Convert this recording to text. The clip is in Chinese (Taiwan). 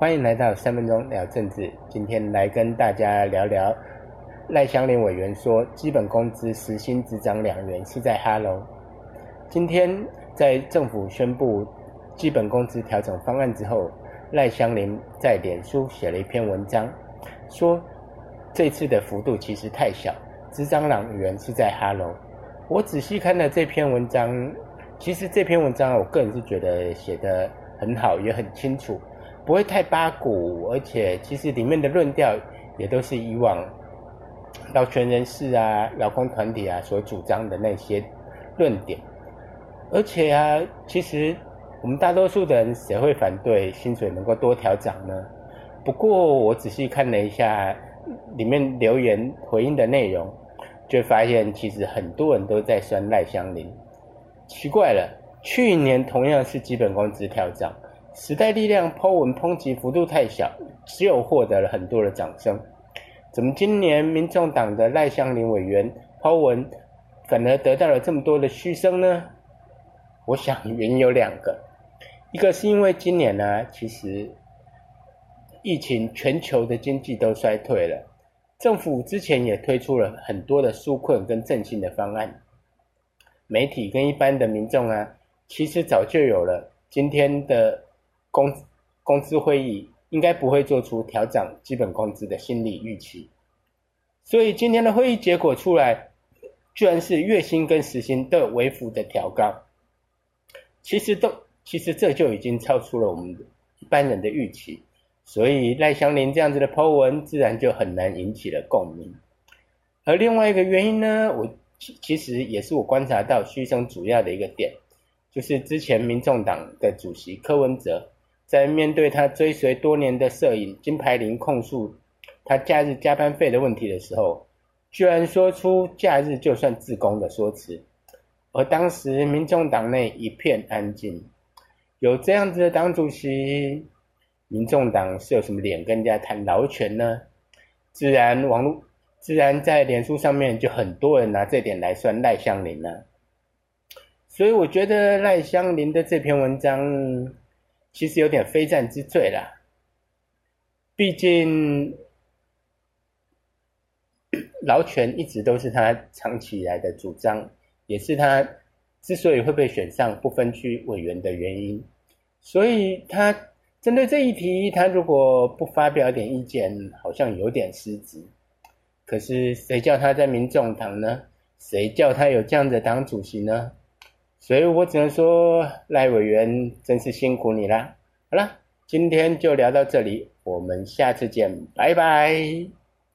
歡迎來到三分鐘聊政治。今天來跟大家聊聊賴香伶委員說，基本工資時薪只漲兩元是在哈囉。今天在政府宣布基本工資調整方案之後，賴香伶在臉書寫了一篇文章，說這次的幅度其實太小，只漲兩元是在哈囉。我仔細看了這篇文章，其實這篇文章我個人是覺得寫得很好，也很清楚。不會太八股，而且其實裡面的論調也都是以往勞權人士啊、勞工團體啊所主張的那些論點。而且啊，其實我們大多數的人誰會反對薪水能夠多調漲呢？不過我仔細看了一下裡面留言回應的內容，就發現其實很多人都在酸賴香伶，奇怪了，去年同樣是基本工資調漲。時代力量 po 文抨擊幅度太小，只有獲得了很多的掌聲。怎麼今年民眾黨的賴香伶委員 po 文，反而得到了這麼多的噓聲呢？我想原因有兩個，一個是因為今年呢、啊，其實疫情全球的經濟都衰退了，政府之前也推出了很多的紓困跟振興的方案，媒體跟一般的民眾啊，其實早就有了今天的工工資會議應該不會做出調整基本工資的心理預期，所以今天的會議結果出來，居然是月薪跟時薪都有微幅的調高。其實都其實這就已經超出了我們一般人的預期，所以賴香伶這樣子的 Po 文，自然就很難引起了共鳴。而另外一個原因呢，我其實也是我觀察到噓聲主要的一個點，就是之前民眾黨的主席柯文哲。在面對他追隨多年的攝影金牌林，控訴他假日加班費的問題的時候，居然說出假日就算志工的說辭，而當時民眾黨內一片安靜，有這樣子的黨主席，民眾黨是有什麼臉跟人家談勞權呢？自然網絡，自然在臉書上面就很多人拿這點來算賴香伶了，所以我覺得賴香伶的這篇文章，其實有點非戰之罪啦，畢竟勞權一直都是他長期以來的主張，也是他之所以會被選上不分區委員的原因。所以他針對這一題，他如果不發表一點意見，好像有點失職。可是誰叫他在民眾黨呢？誰叫他有這樣的黨主席呢？所以我只能說，賴委員真是辛苦你啦。好啦，今天就聊到這裡，我們下次見，拜拜。